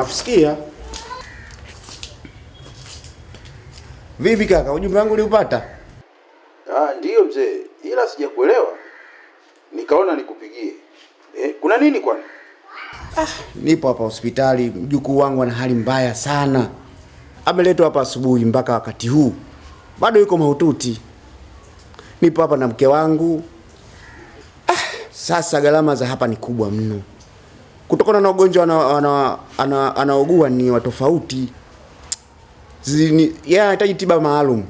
Nakusikia. Vipi kaka, ujumbe wangu uliupata? Ah, ndiyo mzee, ila sijakuelewa, nikaona nikupigie. Eh, kuna nini kwani? Ah, nipo hapa hospitali, mjukuu wangu ana hali mbaya sana, ameletwa hapa asubuhi mpaka wakati huu bado yuko mahututi. Nipo hapa na mke wangu. Ah, sasa gharama za hapa ni kubwa mno kutokana na ugonjwa anaogua ni watofauti yeye anahitaji tiba maalum.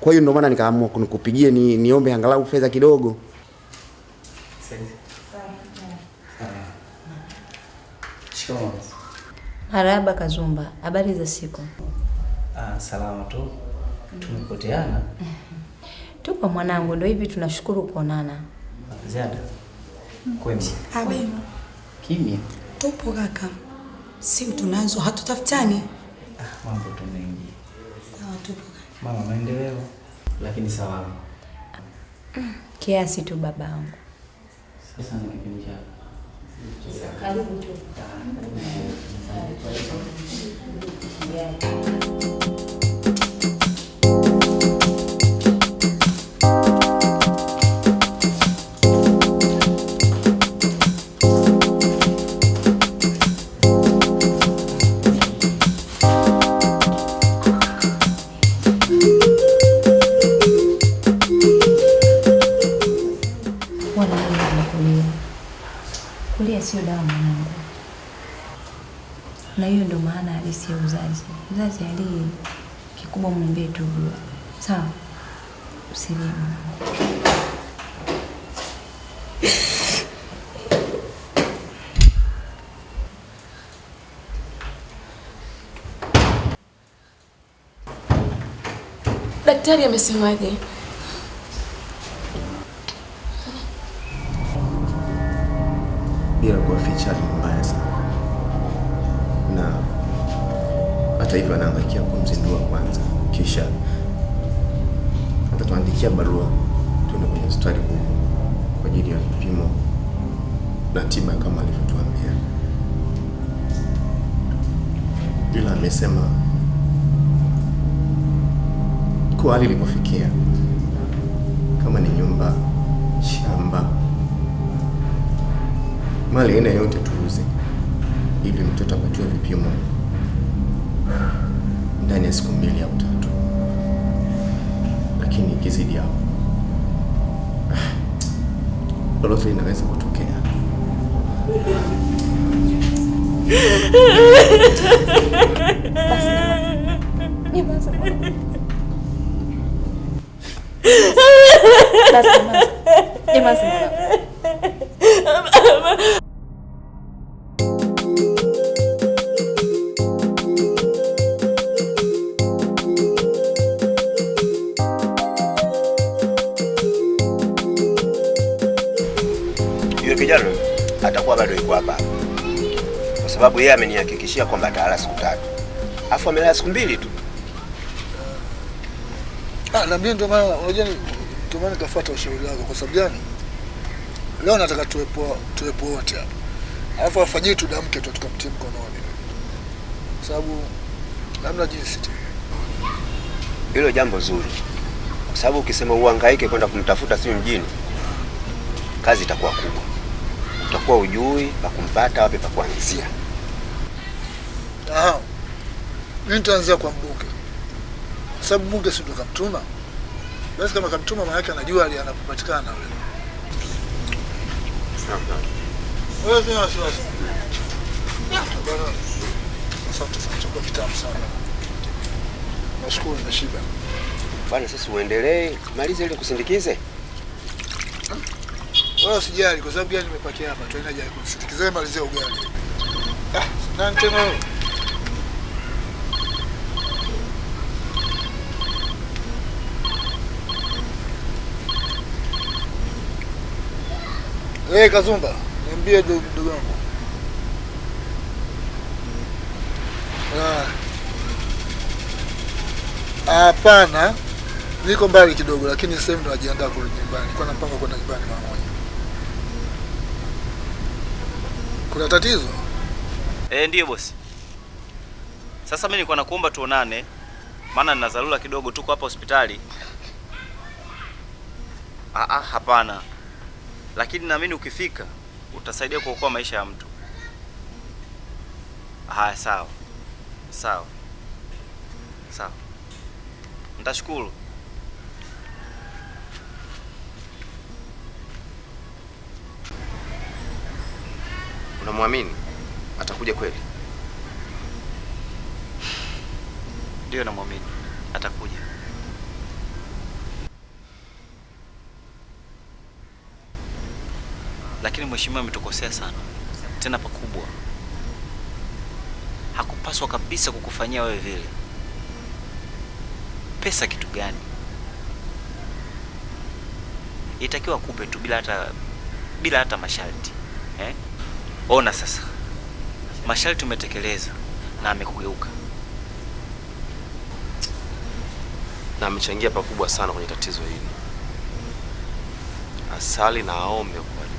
Kwa hiyo ndio maana nikaamua nikupigie ni, niombe angalau fedha kidogo. Marahaba Kazumba, habari za siku? Ah, salama tu. Tumepoteana. Tupo mwanangu, ndio hivi tunashukuru kuonana. Ziada. Kwema kimya? Upo kaka, simu tunazo, hatutafutani. Ah, mambo tu mengi. Sawa, tu Mama, maendeleo lakini salama kiasi tu babangu. Sasa karibu tu ah, Kulia sio dawa mwanangu, na hiyo ndio maana halisi ya uzazi. Uzazi ali kikubwa, mwambie tu dua, sawa? Usilie mwanangu. Daktari amesemaje? bila kuwaficha mbaya sana, na hata hivyo anahangaikia kumzindua kwanza, kisha atatuandikia barua tuende kwenye hospitali kubwa kwa ajili ya vipimo na tiba kama alivyotuambia, ila amesema kuwa hali ilipofikia, kama ni nyumba, shamba mali aina yote tuuze, ili mtoto apatiwe vipimo ndani ya siku mbili au tatu, lakini ikizidi hapo lolote inaweza kutokea. Kilimanjaro atakuwa bado yuko hapa, kwa sababu yeye amenihakikishia kwamba atalala siku tatu, afu amelala siku mbili tu. Ah, na mimi ndio maana unajua ni ndio maana nikafuata ushauri wako. Kwa sababu gani? Leo nataka tuwepo tuwepo wote hapa, alafu afajiri tudamke tu tukamtie mkononi, kwa sababu namna jinsi tu. hilo jambo zuri, kwa sababu ukisema uhangaike kwenda kumtafuta simu mjini, kazi itakuwa kubwa utakuwa ujui pa kumpata wapi pa kuanzia. Mimi nitaanzia kwa mbunge, kwa sababu mbunge si ndo kamtuma. Basi kama kamtuma, maana yake anajua ali anapopatikana wewe. Nashukuru, nimeshiba bwana. Sisi uendelee, malize ili kusindikize Wala usijali kwa sababu gari nimepakia hapa. Tuenda jari kumshukizeni malizia ugali. Ah, nani tena wewe? Hey, Kazumba, niambie ndugu yangu. Ah. Hapana, niko mbali kidogo, lakini sasa hivi ndo najiandaa kurudi nyumbani. Nilikuwa napanga kwenda nyumbani mara moja. Kuna tatizo? Eh, ndiyo bosi. Sasa mimi nilikuwa nakuomba tuonane, maana nina dharura kidogo, tuko hapa hospitali. Ah, ah, hapana, lakini naamini ukifika utasaidia kuokoa maisha ya mtu. Haya, sawa sawa sawa, nitashukuru. Unamwamini atakuja kweli? Ndio, namwamini atakuja. Lakini mheshimiwa ametukosea sana, tena pakubwa. Hakupaswa kabisa kukufanyia wewe vile. Pesa kitu gani? Itakiwa kupe tu bila hata bila hata masharti eh? Ona sasa, masharti umetekeleza na amekugeuka na amechangia pakubwa sana kwenye tatizo hili. Asali na aombe pole,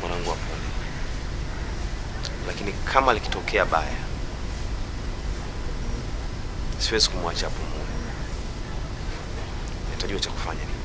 mwanangu apone lakini kama likitokea baya, siwezi kumwacha hapo. Mume nitajua cha kufanya.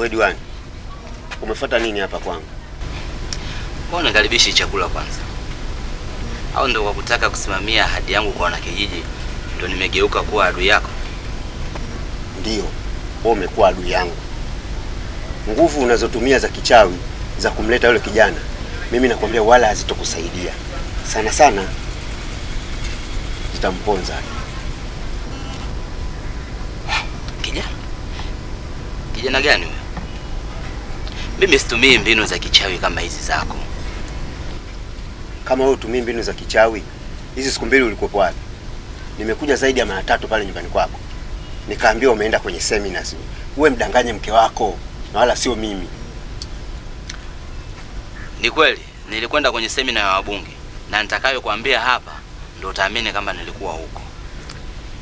We diwani, umefuata nini hapa kwangu? Mbona karibishi chakula kwanza? Au ndio kwa kutaka kusimamia ahadi yangu kwa wanakijiji ndio nimegeuka kuwa adui yako? ndio wewe umekuwa adui yangu. Nguvu unazotumia za kichawi za kumleta yule kijana, mimi nakwambia wala hazitokusaidia sana sana, zitamponza kijana. Kijana gani? Mimi situmii mbinu za kichawi kama hizi zako. Kama wewe utumii mbinu za kichawi hizi, siku mbili ulikuwa wapi? Nimekuja zaidi ya mara tatu pale nyumbani kwako, nikaambiwa umeenda kwenye seminars. Uwe mdanganye mke wako na wala sio mimi. Ni kweli nilikwenda kwenye semina ya wabunge, na nitakayokuambia hapa ndio utaamini kama nilikuwa huko.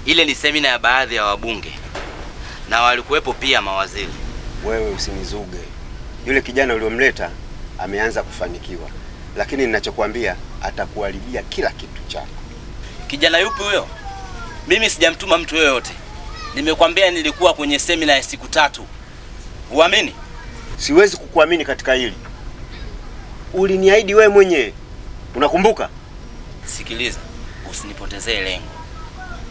Ile ni semina ya baadhi ya wabunge na walikuwepo pia mawaziri. Wewe usinizuge yule kijana uliomleta ameanza kufanikiwa, lakini ninachokuambia atakuharibia kila kitu chako. Kijana yupi huyo? Mimi sijamtuma mtu yoyote, nimekwambia nilikuwa kwenye semina ya siku tatu. Uamini? Siwezi kukuamini katika hili. Uliniahidi wewe mwenyewe, unakumbuka? Sikiliza, usinipotezee lengo.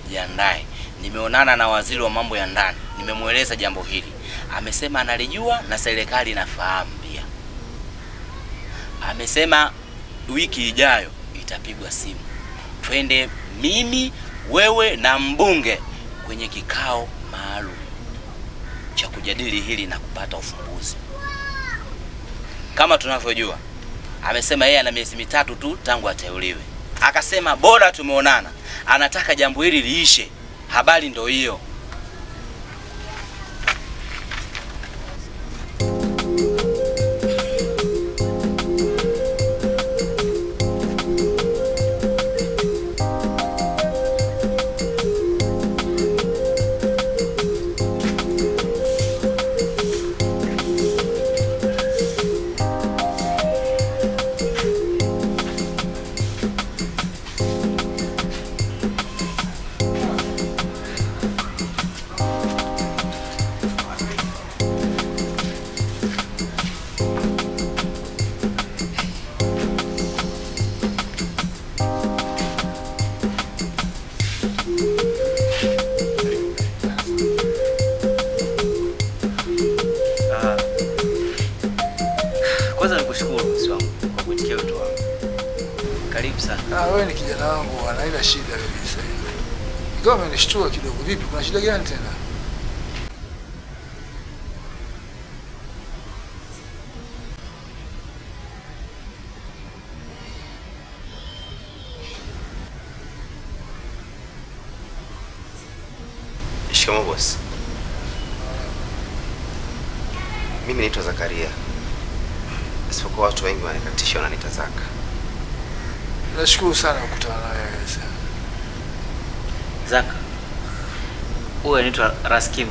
Jiandae, nimeonana na waziri wa mambo ya ndani, nimemweleza jambo hili amesema analijua na serikali inafahamu pia. Amesema wiki ijayo itapigwa simu, twende mimi, wewe na mbunge kwenye kikao maalum cha kujadili hili na kupata ufumbuzi. Kama tunavyojua, amesema yeye ana miezi mitatu tu tangu ateuliwe, akasema bora tumeonana, anataka jambo hili liishe. Habari ndio hiyo. Nilishtua kidogo. Vipi, kuna shida gani tena? Shikamoo boss. Mimi naitwa Zakaria, isipokuwa watu wengi wananikatisha, wananiita Zaka. Nashukuru sana kukutana na wewe Zaka huyo anaitwa Raskim,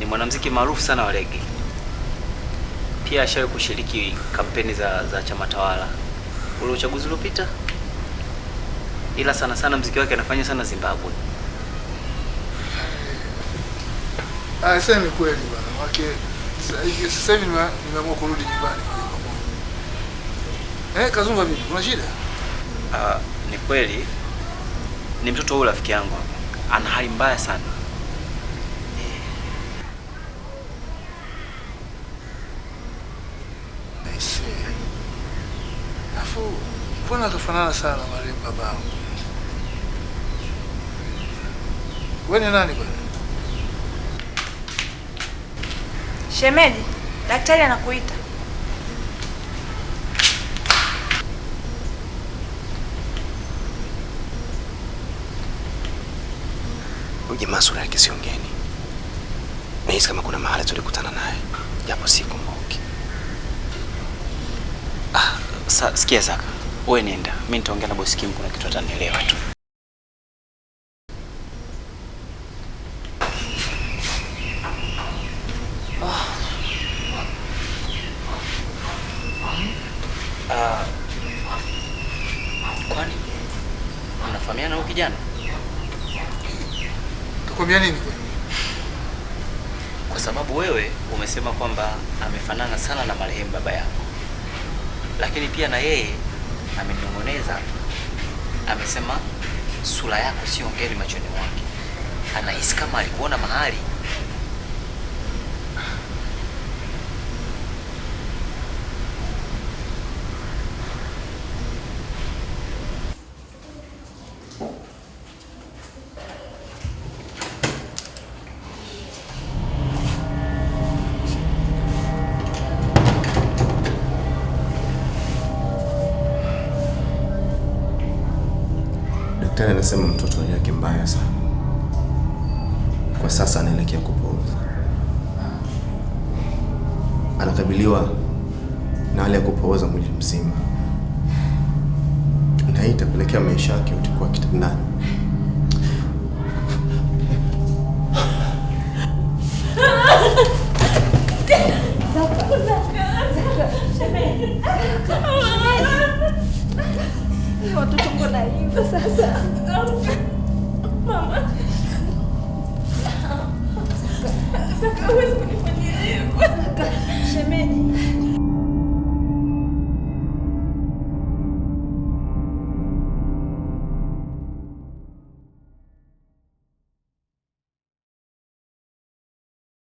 ni mwanamuziki maarufu sana wa reggae. Pia ashawahi kushiriki kampeni za, za chama tawala ule uchaguzi uliopita, ila sana sana muziki wake anafanya sana Zimbabwe. Ah, sasa ni kweli bwana wake. Sasa hivi nimeamua kurudi nyumbani. Eh, Kazungu vipi? Kuna shida? Ah, ni kweli. Ni mtoto wa rafiki yangu hapa ana hali mbaya sana. Alafu mbona akafanana sana marehemu babangu? Wewe ni nani kwani? Shemeji, daktari anakuita. Huyu jamaa sura yake sio ngeni. Nahisi kama kuna mahali tulikutana naye japo sikumbuki. Ah, sa, sikia Zaka, wewe nenda, mimi nitaongea na bosi Kim, kuna kitu atanielewa tu. Ah. Ah. Kwani unafahamiana huyu kijana? Nakwambia nini? Kwa sababu wewe umesema kwamba amefanana sana na marehemu baba yako, lakini pia na yeye amenong'oneza, amesema sura yako sio ngeni machoni mwake, anahisi kama alikuona mahali Daktari anasema mtoto yake mbaya sana, kwa sasa anaelekea kupooza. Anakabiliwa na hali ya kupooza mwili mzima, na hii itapelekea maisha yake utakuwa kitandani. 不是。